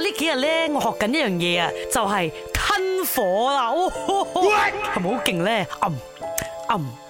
呢幾日咧，我學緊一樣嘢啊，就係吞火啦，係咪好勁咧？暗暗。